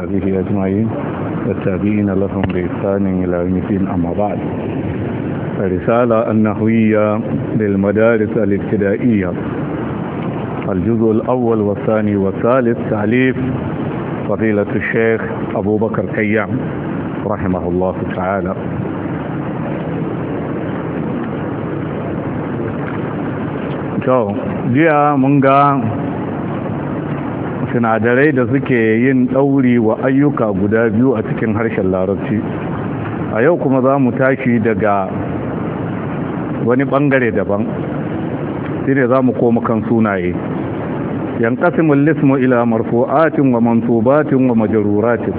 وصحبه أجمعين والتابعين لهم بإحسان إلى يوم الدين أما بعد الرسالة النحوية للمدارس الابتدائية الجزء الأول والثاني والثالث تعليف فضيلة الشيخ أبو بكر كيام رحمه الله تعالى جاء jiya sinadarai da suke yin ɗauri wa ayyuka guda biyu a cikin harshen larabci a yau kuma za mu tashi daga wani ɓangare daban shi ne za mu koma kan sunaye yankasimin lismu ila marfu'atin wa mantubatin wa majaruratin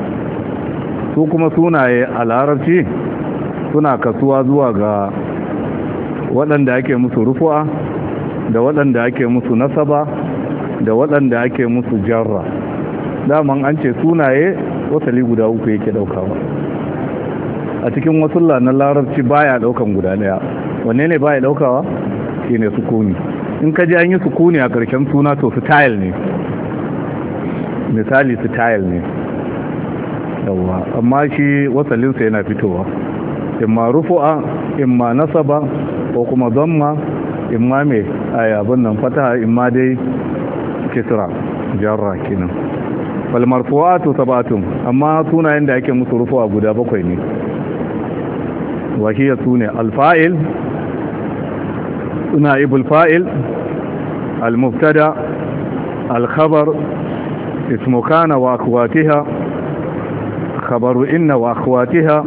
su kuma sunaye a larabci suna kasuwa zuwa ga waɗanda ake musu rufu'a da waɗanda ake musu nasaba da waɗanda ake musu jarra daman an ce sunaye wasali guda uku yake ba a cikin wasulla na larabci baya daukan guda daya wanne ne baya Shi ne sukuni in ka ji an yi sukuni a ƙarshen suna to style ne misali style ne Yawwa, amma shi wasalinsa yana fitowa imma rufu'a imma nasaba ko kuma zamma imma mai ayabin nan fataha imma dai kisra jarra kinan. wal marfu'atu amma sunayen da ake musu rufuwa guda bakwai ne wa sune al fa'il نائب الفائل المبتدا الخبر اسم كان واخواتها خبر ان واخواتها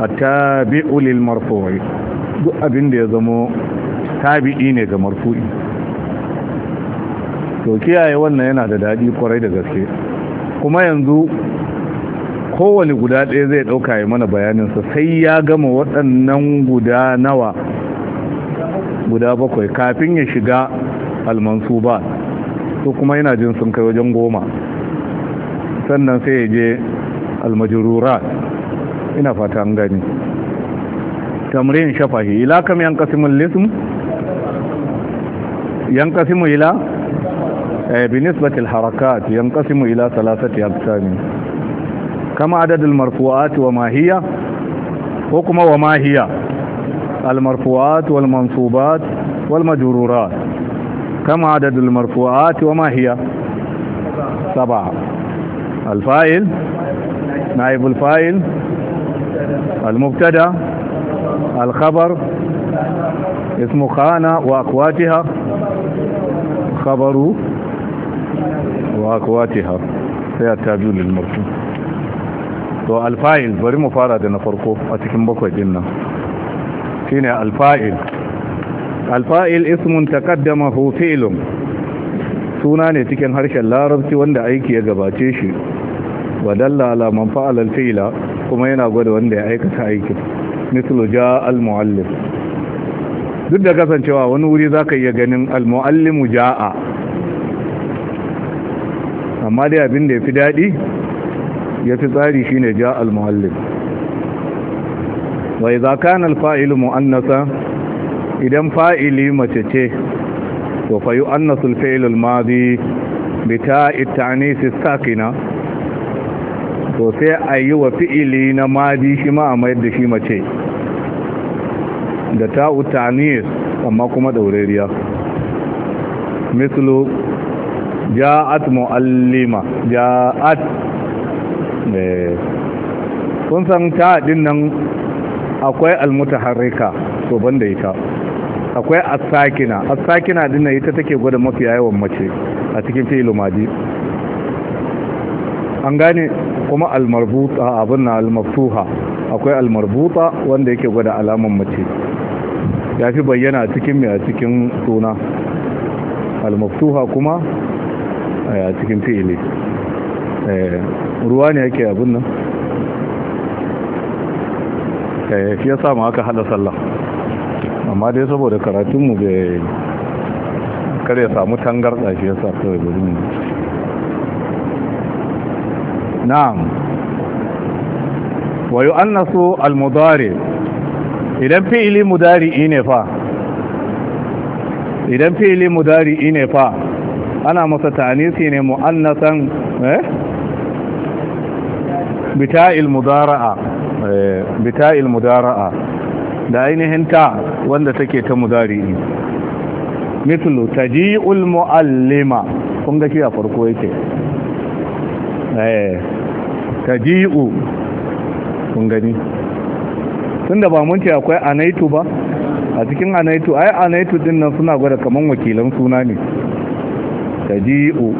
التابع للمرفوع duk abin da ya zamo tabi'i ne ga marfu'i to kiyaye wannan yana da daɗi kwarai da gaske kuma yanzu kowane guda ɗaya zai ɗauka ya mana bayaninsa sai ya gama waɗannan guda nawa guda bakwai kafin ya shiga almansu ba to kuma yana jin sun kai wajen goma sannan sai ya je almajirura ina fata an gani tamrin shafahi ila kam yan kasimun lism yan kasimun ila آه، بنسبة الحركات ينقسم إلى ثلاثة أقسام كم عدد المرفوعات وما هي حكم وما هي المرفوعات والمنصوبات والمجرورات كم عدد المرفوعات وما هي سبعة الفائل نائب الفائل المبتدا الخبر اسم خانة وأقواتها خبر wa akwatiha sai a tabi'u lil marfu to alfa'il bari mu fara da na farko a cikin bakwai din nan shine alfa'il alfa'il ismun ta hu fi'lun suna ne cikin harshen larabci wanda aiki ya gabace shi wadalla ala man fa'ala alfi'la kuma yana gwada wanda ya aikata aikin mislu ja almuallim duk da kasancewa wani wuri zaka iya ganin almuallimu ja'a amma dai abin da ya fi daɗi ya fi tsari shi ne ja al-muhallin wai za kan alfa'ilu mu'annasa idan fa'ili mace ce to fayu annasul fa'ilul mazi bi ta'i ta'anisi sakina to sai a yi wa fi'ili na mazi shi ma a mayar da shi mace da ta'u ta'anis amma kuma ɗaurariya. mislu ja'at mu'allima ja'at kun san ta din nan akwai almutaharrika to banda ita akwai as-sakina as-sakina din nan ita take gwada mafi yawan mace a cikin fi'il madi an gane kuma al abin na al akwai al-marbuta wanda yake gwada alaman mace ya fi bayyana cikin mai a cikin suna al kuma a cikin fi'ili eh, ruwa ne yake abin nan eh, shi ya samu aka hada sallah amma dai saboda karatunmu bai ya samu tangarda shi ya sa kawai bari mu na, wa an al almudari idan fi'ili mudari ine fa idan fi'ili mudari ine fa ana masa tanisi ne mu'annasan eh bita'il mudara'a eh, bita'il mudara'a da ainihin ta wanda take ta mudari'i mithlu taji'ul muallima kun ga shi a farko yake eh taji'u kun gani tunda ba mun ce akwai anaitu ba a cikin anaitu ai anaitu din nan suna gwada kaman wakilan suna ne taji'u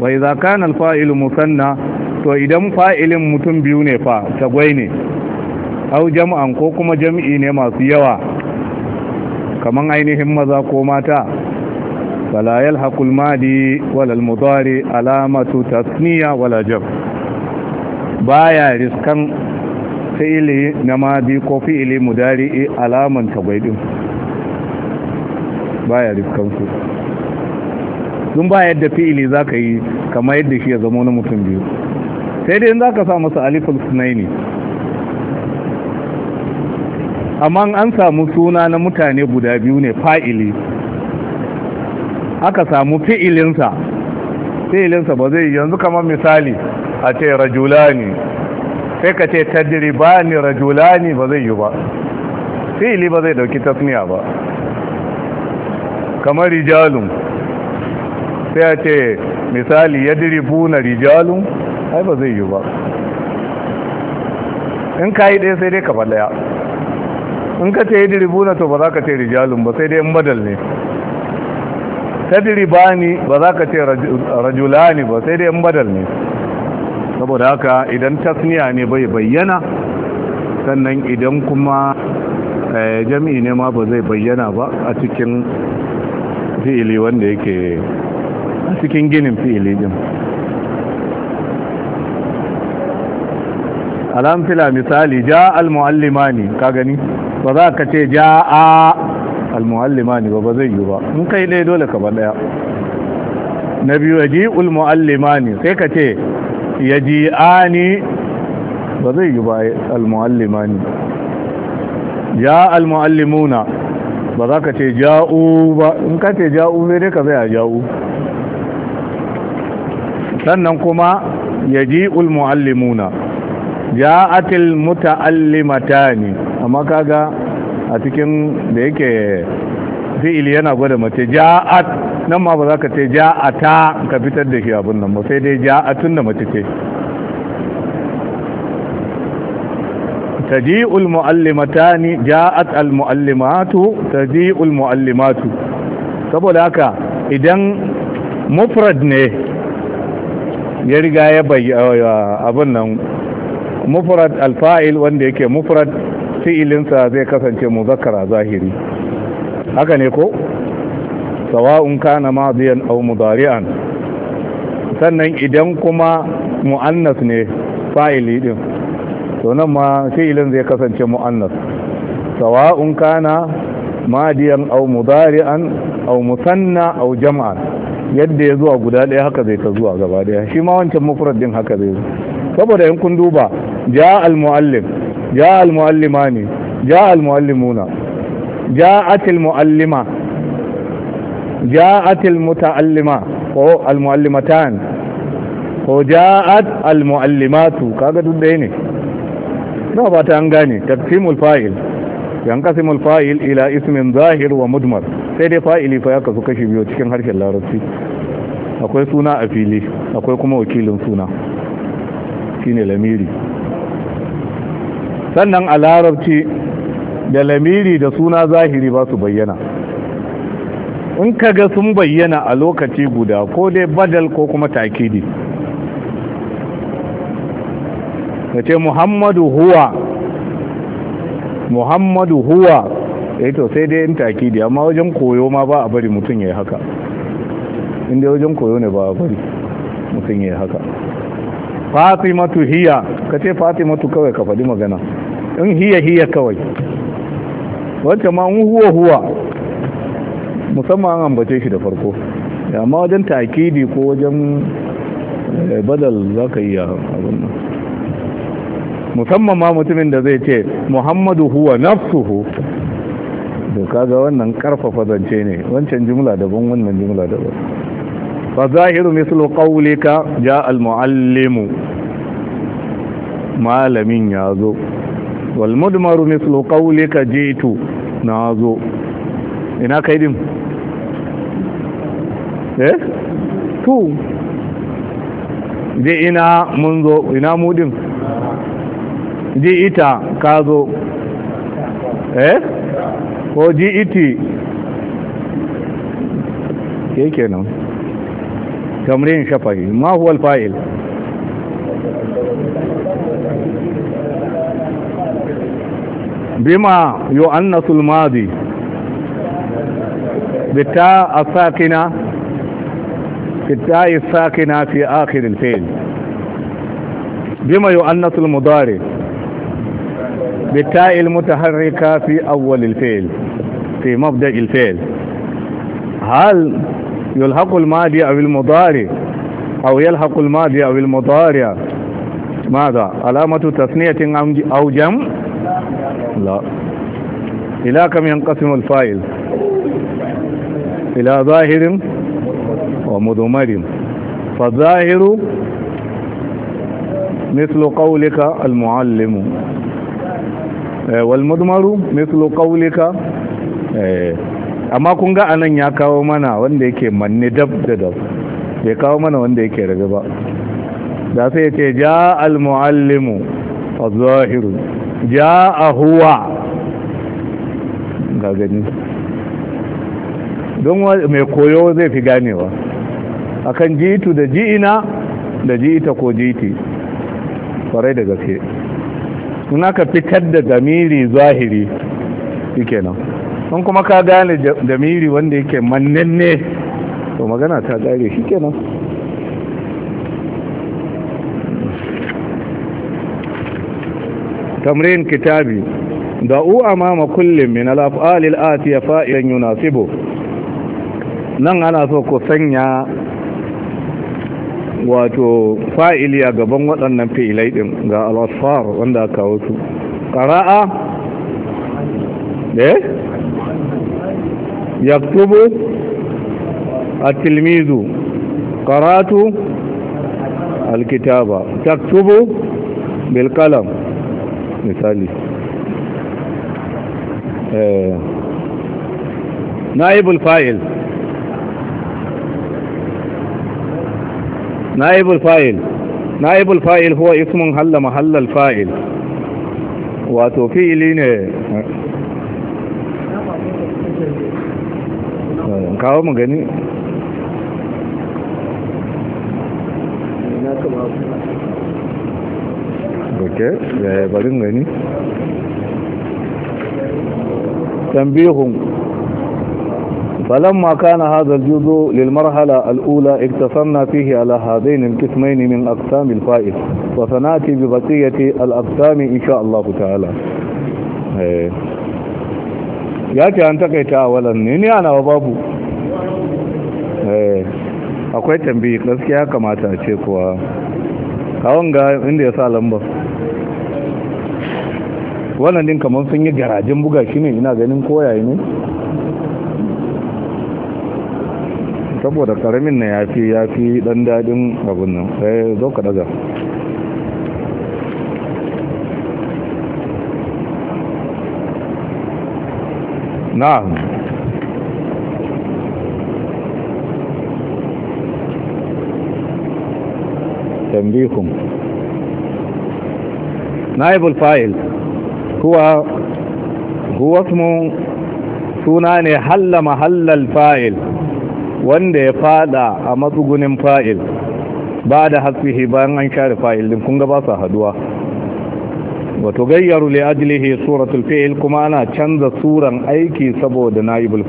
wa idza kana al-fa'ilu musanna to idan fa'ilin mutum biyu ne fa tagwai ne au jam'an ko kuma jami'i ne masu yawa kaman ainihin maza ko mata fala yalhaqul madi wala al-mudari alamatu tasniya wala jab baya riskan fi'ili na madi ko fi'ili mudari alaman tagwai din baya riskan su Sun ba yadda fi'ili za ka yi kama yadda shi ya zama na mutum biyu sai dai za ka sa masa alifin ne amma an samu suna na mutane guda biyu ne fa'ili aka samu fi'ilinsa fi'ilinsa ba zai yanzu kamar misali a ce ne sai ka ce rajula ne ba zai yi ba fi'ili ba zai dauki tasniya ba kamar rijalun sai a ce misali ya diri buna rijalun ai ba zai yi ba in ka yi ɗaya sai dai ka faɗaya in ka ce ya diri buna to ba za ka ce rijalun ba sai dai in badal ne ta diri ba za ka ce rajulani ba sai dai in badal ne saboda haka idan tasniya ne bai bayyana sannan idan kuma eh, jami'i ne ma ba zai bayyana ba a cikin fi'ili wanda yake A cikin ginin fili din alamfila misali ja al-mu'allimani ka gani ba za ka ce ja a al-mu'allimani ba ba zai yi ba in kai ne dole ka ba daya na biyu ya ji al-mu'allimani sai ka ce ya ji ni. ba zai yi ba al-mu'allimani ja al-mu'allimuna ba za ka ce ja'u ba in ka ce ja'u sai dai ka zai a ja'u sannan kuma ya ji yaji'ul muallimuna ja'atil ne amma kaga a cikin da yake ili yana gwada mace ja'at nan ma ba za ka ce ja'ata ka fitar da shi abin nan ba sai dai ja'atun da mace ce تجيء المعلمتان جاءت المعلمات تجيء المعلمات saboda haka idan mufrad ne ya riga ya bayyana uh, uh, abin nan mufrad alfa'il wanda yake mufrad fi'ilinsa zai kasance muzakkara zahiri haka ne ko sawa'un kana madiyan aw mudari'an sannan idan kuma mu'annas ne fa'ili din to nan ma fi'ilin zai kasance mu'annas sawa'un kana madiyan aw mudari'an aw musanna aw jam'an yadda ya zuwa guda ɗaya haka zai ta zuwa gaba ɗaya shi ma wancan mufrad din haka zai zo saboda in kun duba ja al-muallim ja al-muallimani ja al-muallimuna ja'at al-muallima ja'at al-muta'allima ko al-muallimatan ko ja ja'at al-muallimatu kaga duk ɗaya ne na ba ta an gane taqsimul fa'il yanqasimul fa'il ila ismin zahir wa mudmar sai dai fa'ili fa ya kasu kashi biyu cikin harshen larabci akwai suna a fili akwai kuma wakilin suna shine lamiri sannan a larabci da lamiri da suna zahiri ba su bayyana in ka ga sun bayyana a lokaci guda ko dai badal ko kuma takidi Ka ce muhammadu huwa muhammadu huwa ya eh to sai dai in takidi amma wajen koyo ma ba a bari mutum ya yi haka inda wajen koyo ne ba bari mutum ya haka fatimatu hiya ka ce fatimatu kawai ka faɗi magana in hiya hiya kawai wacce ma in huwa huwa musamman an ambace shi da farko amma wajen takidi ko wajen eh, badal za ka iya abin nan musamman ma mutumin da zai ce muhammadu huwa nafsuhu to kaga wannan karfafa zance ne wancan jumla daban wannan jumla daban fa zahiru mislu qawlika ja al muallimu malamin yazo wal mudmaru mislu qawlika jitu nazo ina kai din eh to ina mun zo ina mu din ji ita ka zo ko ji iti yake nan تمرين شفهي ما هو الفائل بما يؤنث الماضي بالتاء الساكنة في التاء الساكنة في آخر الفعل بما يؤنث المضارع بالتاء المتحركة في أول الفعل في مبدأ الفعل هل يلحق الماضي أو المضارع أو يلحق الماضي أو المضارع ماذا علامة تثنية أو جم لا إلى كم ينقسم الفائل إلى ظاهر ومضمر فالظاهر مثل قولك المعلم آه، والمضمر مثل قولك آه، amma kun ga anan ya kawo mana wanda yake manne dab da dab bai kawo mana wanda yake rabe ba da sai ce ja al-muallimu az-zahiru ja a huwa ga gani don mai koyo zai fi ganewa akan jitu da ji'ina da ji'ita ko jiti kwarai da gaske suna ka fitar da gamiri zahiri shi kenan sun kuma ka gane miri wanda yake mannanne to magana ta gare shi kenan tamrin kitabi da da'u amama kullum min al’afalil afal atiya fa'ilan yunasibu nan ana so ku sanya wato fa'ili a gaban waɗannan fi'ilai ɗin ga al’asfar wanda aka kawo su eh يكتب التلميذ قرأت الكتابة تكتب بالقلم مثالي آه. نائب الفائل نائب الفائل نائب الفائل هو اسم هل محل الفائل وتوفيلي ne kawo mu gani ok yaya barin gani tambihun فلما كان هذا الجزء للمرحلة الأولى اقتصرنا فيه على هذين القسمين من أقسام الفائز وسنأتي ببقية الأقسام إن شاء الله تعالى يا كي أنت كي تعاولا إني أنا وبابو Eh, akwai tambayi gaskiya kamata a ce kuwa kawon ga inda ya sa lamba wannan din kamar sun yi garajin buga shi ne ina ganin koyaye ne saboda karamin na ya fi ya fi dan daɗin abin nan sai eh, zo ka daga na'am تنبيكم نائب الفاعل هو هو اسم سنان حل wanda ya fada a matsugunin fa'il bada da hatsihi bayan an share fa'il din kun ba haduwa wato gayyaru li ajlihi suratul fi'il kuma ana canza suran aiki saboda naibul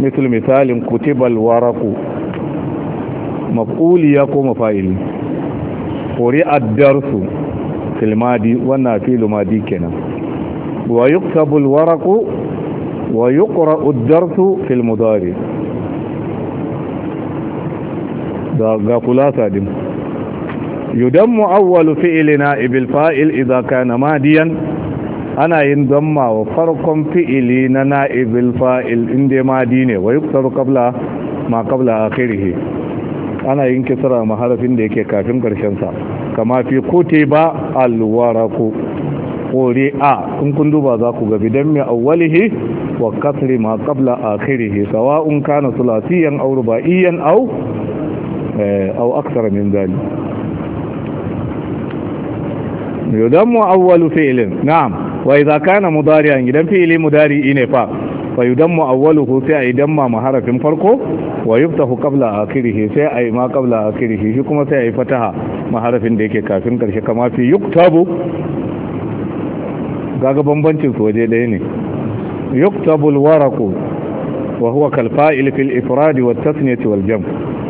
misal misalin kutibal waraku maf'uli koma fa'ili ƙuri addarsu filmadi wannan filu madi kenan wa yuktabul waraku wa yukura addarsu filmudari da ga kulasa din yudan mu'awwalu fi'ili na ibil fa'il idan kana madiyan ana yin damma wa farkon fi'ili na na'ibil fa'il inda madi ne wa yuktaru qabla ma qabla akhirih ana yin kisra ma harafin da yake kafin karshen sa kama fi kutiba alwaraku kore a kun kun duba za ku ga bidan mai awwalihi wa kasri ma qabla akhirihi sawa'un kana sulasiyan aw rubaiyan aw eh, aw akthara min dhalik mu awwalu fi'lin na'am wa idza kana mudari'an idan fi'li mudari'i ne fa fa mu awwaluhu sai a idan ma harafin farko wa yuftahu qabla akhirih sai ai ma qabla akhirih shi kuma sai ai fataha maharafin da yake kafin karshe kama fi yuktabu gaga bambancin su waje ɗaya ne yuktabu alwaraqu wa huwa kal fa'il fil ifrad wa tasniyah wal jam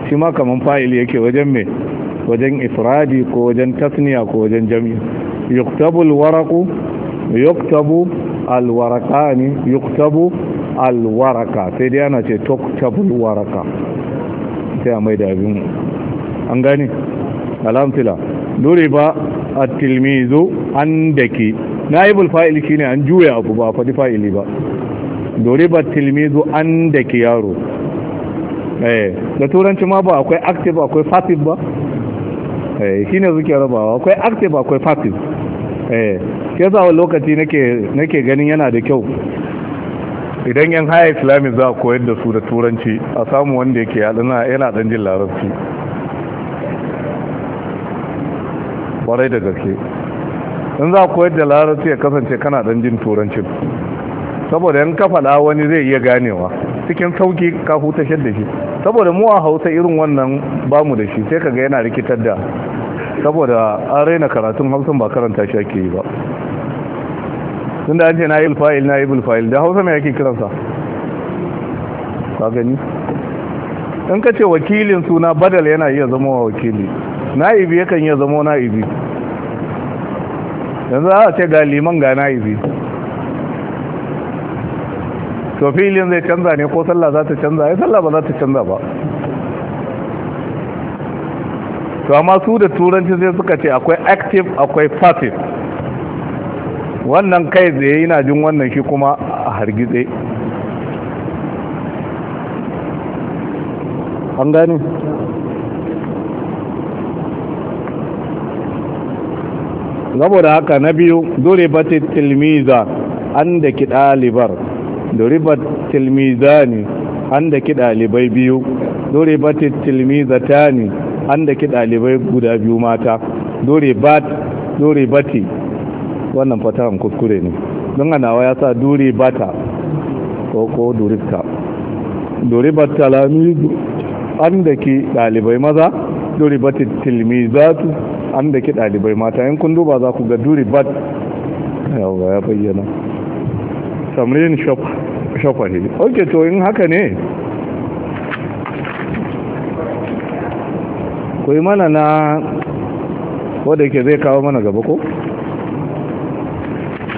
shi ma kaman fa'il yake wajen me wajen ifradi ko wajen tasniya ko wajen jam'i yuktabu alwaraqu yuktabu alwaraqani yuktabu alwaraka sai dai ana ce toktabul waraka sai a mai da abin an gani? alamfila Nuri ba a tilmizo an Na yi naibul fa'il shine an juya abu ba faɗi fa'ili ba Nuri ba tilmizo an ke yaro eh da turanci ma ba akwai active akwai passive ba eh ne zuke rabawa akwai active akwai passive eh ke zawo lokaci nake ganin yana da kyau idan yan haya islami za a koyar da su da turanci a samu wanda yake yaduna yana dan jin larabci kwarai da gaske in za a koyar da larabci ya kasance kana dan jin turanci saboda yan da wani zai iya ganewa cikin sauki ka hutashar da shi saboda mu a hausa irin wannan bamu da shi sai kaga yana rikitar da saboda an raina karatun hausa ba karanta shi ake yi ba tun da an ce na yi fa'il na yi fa'il da hausa mai yake kiransa ka gani in ka ce wakilin suna badal yana iya zama wa wakili na'ibi yakan iya zama na'ibi yanzu za a ce ga liman ga na'ibi to filin zai canza ne ko sallah za ta canza ya sallah ba za ta canza ba to amma su da turanci sai suka ce akwai active akwai passive wannan kai tsaye yana jin wannan shi kuma a hargitse an gani saboda haka na biyu duribatit tilmiza an da ki ɗalibar tilmiza ne an da ki ɗalibai biyu tilmiza ta ne an da ki ɗalibai guda biyu mata duribat duribati wannan fatan kuskure ne don ganawa ya sa duri bata ko ko durifta duri bata lamizu an da ke dalibai maza duri bata tilmizatu an da ke dalibai mata yin kundu ba za ku ga duri bat yawa ya bayyana samrin shafari ok to in haka ne ku yi mana na wadda ke zai kawo mana gaba ko?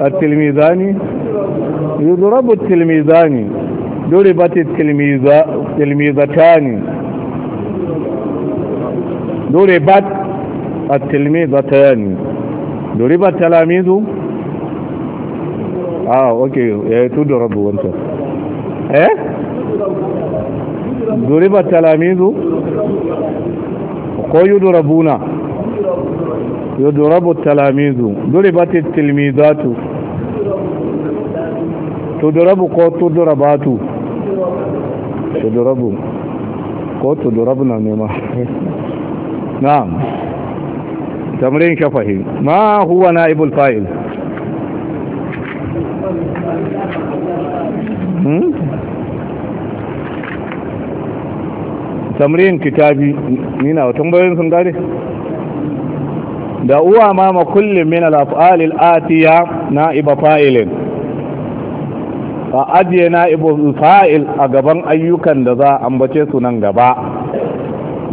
التلميذان يضرب التلميذان ضربت التلميذتان ضربت التلميذتان ضرب التلاميذ اه اوكي تضرب وانت ايه ضرب التلاميذ ko yudurabuna يضرب التلاميذ ضربت التلميذات تضرب كو تضربات تضرب كو تضربنا نما نعم تمرين كفهي ما هو نائب الفاعل تمرين كتابي نينا وتمرين سنغاري da uwa ma ma kullum min al-af'alil atiya na'iba fa'ilin fa ajiye na'ibu fa'il a gaban ayyukan da za ambace su nan gaba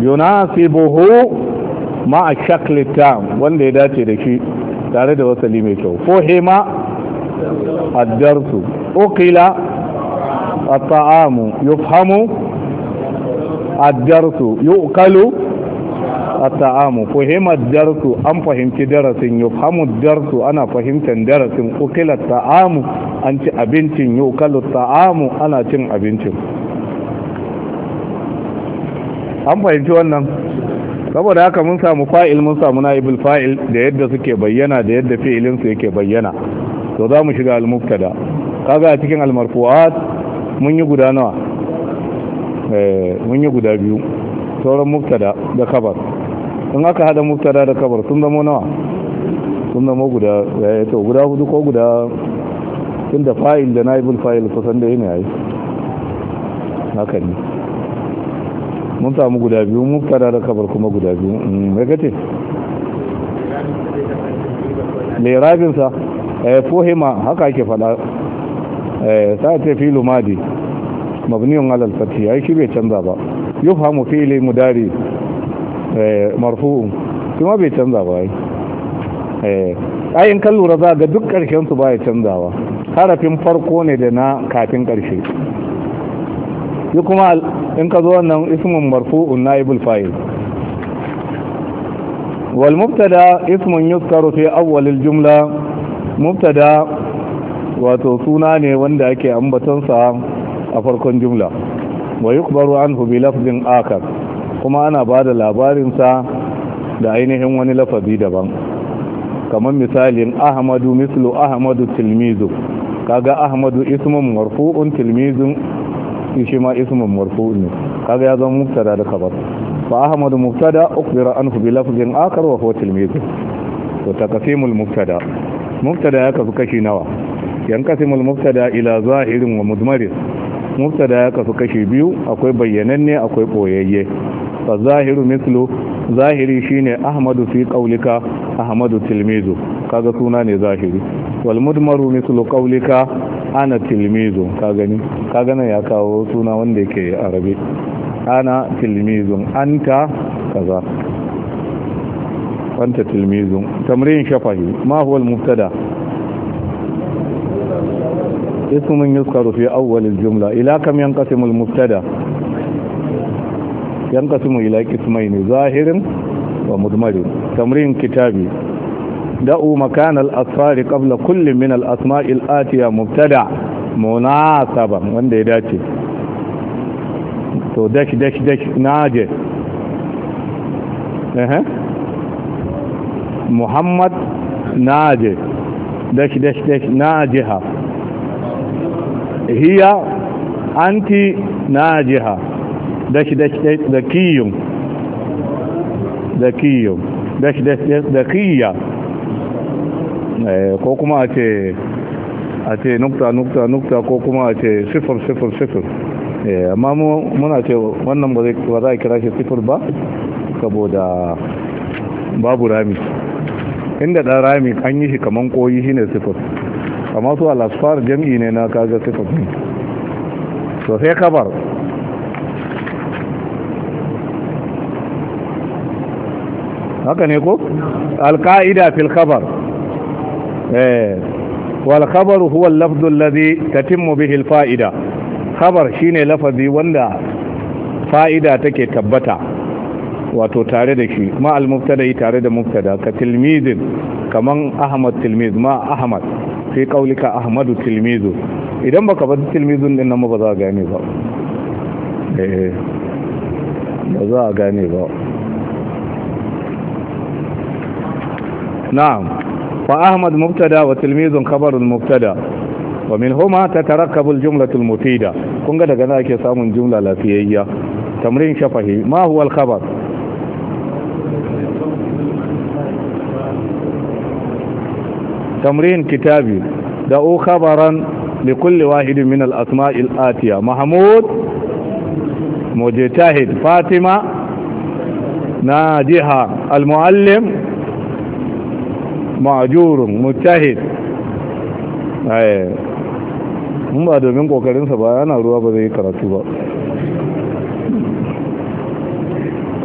yunasibuhu ma a shakli tam wanda ya dace da shi tare da wasali mai kyau hima? addarsu ukila at-ta'amu yufhamu addarsu yuqalu at-ta'amu fuhima darsu an fahimci darasin yufhamu darsu ana fahimtar darasin ukila ta'amu an ci abincin yukalu ta'amu ana cin abincin an fahimci wannan saboda haka mun samu fa'il mun samu na'ibul fa'il da yadda suke bayyana da yadda fi'ilin su yake bayyana to za mu shiga al-mubtada kaga a cikin al-marfu'at mun yi guda nawa eh mun yi guda biyu sauran mubtada da khabar sun aka hada muftada da kabar sun zama nawa sun zama guda ya eh, to guda hudu ko guda tun da fayil da naibul fayil kusan da yana yi haka ne mun samu guda biyu muftada da kabar kuma guda biyu mai mm, rabinsa. ya eh, fohe ma haka ake fada eh sa ce filu madi mabniyon alal fathi ai shi bai canza ba yufhamu fi'li mudari Eh, marfu'un kuma bai canza ba ayin eh, kan lura za ga duk ƙarshen su baya ba. harafin farko ne da na kafin ƙarshe. yi kuma in ka zo wannan ismun marfu'un naibul fa'il wal mubtada ismun yuzkaru fi awwalil jumla mubtada wato suna ne wanda ake ambaton a farkon jumla wa yukhbaru anhu bi lafzin akar kuma ana ba da labarinsa da ainihin wani lafazi daban kamar misalin ahmadu mislu ahmadu tilmizu kaga ahmadu ismin marfu'un tilmizu shi ma ismin marfu'un ne kaga ya zama muktada da kabar fa ahmadu mubtada ukhbira anhu bi lafzin akar wa huwa tilmizu to taqsimul muktada muktada ya kasu kashi nawa yankasimul muktada ila zahirin wa mudmaris muktada ya kasu kashi biyu akwai bayyananne akwai boyayye fa zahiru mislu zahiri shine ahmadu fi qaulika ahmadu tilmizu kaga suna ne zahiri wal mudmaru mislu qaulika ana tilmizu ka gani ka gana ya kawo suna wanda yake arabi ana tilmizun anta kaza anta tilmizun tamrin shafahi ma huwa al-mubtada اسم يذكر في jumla. Ila kam, كم ينقسم المبتدا yan kasu kasimu ila ne zahirin wa mudmarin tamrin kitabi da'u makan al-asfari qabla kullum min al-asma'i al-atiya mubtada munasaba wanda ya dace to dash dash dash naje eh muhammad naje dash dash dash jiha. hiya anti najiha dash dash zakiyun zakiyun dash dash zakiya eh, ko kuma a ce a ce nukta nukta nukta ko kuma a ce sifir sifir sifir eh, amma muna ce wannan ba za a kira shi sifir ba saboda babu rami inda ɗan rami an yi shi kaman koyi shi ne sifir amma su alasfar jam'i ne na kaga sifir ne to sai kabar haka ne ko alka'ida fil khabar eh wal khabar huwa al-lafdh alladhi tatimmu bihi al-fa'ida khabar shine lafazi wanda fa'ida take tabbata wato tare da shi ma al-mubtada tare da mubtada ka tilmizin kaman ahmad tilmiz ma ahmad sai kaulika ahmadu tilmizu idan baka bar tilmizun din nan ba za a gane ba eh ba za a gane ba na'am fa ahmad mubtada wa tilmizun khabarul mubtada wa huma tatarakkabu al-jumlatul mufida kun ga daga nan ake samun jumla lafiyayya tamrin shafahi ma huwa al-khabar تمرين كتابي دعو خبرا لكل واحد من الأسماء الآتية محمود مجتهد فاطمة ناجحة المعلم majurun mujtahid mun ba domin kokarinsa ba yana ruwa ba zai karatu ba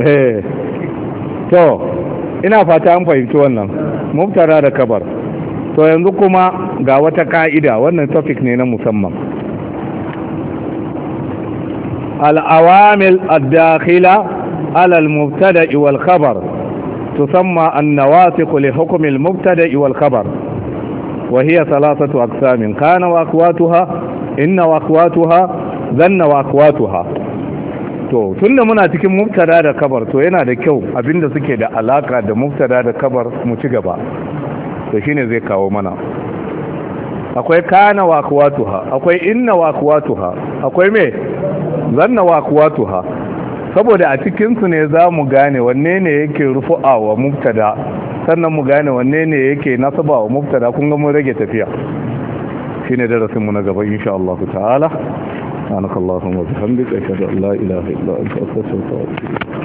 eh to ina fata an fahimci wannan muftara da kabar to yanzu kuma ga wata ka'ida wannan topic ne na musamman al'awamil addakhila alal mubtada wal khabar تسمى النواسق لحكم المبتدا والخبر وهي ثلاثه اقسام كان واقواتها ان واقواتها ذن واقواتها to tunda muna cikin mubtada da kabar to yana da kyau abinda suke da alaka da mubtada da kabar mu ci gaba to shine zai kawo mana akwai kana waqwatuha akwai inna waqwatuha akwai me zanna waqwatuha saboda a cikinsu ne za mu gane wanne ne yake rufu a wa mubtada sannan mu gane wanne ne yake nasaba wa mubtada kun ga mun rage tafiya shi ne darasin mu na gaba insha Allah ta'ala anaka Allahumma bihamdika ashhadu an la ilaha illa anta astaghfiruka wa atubu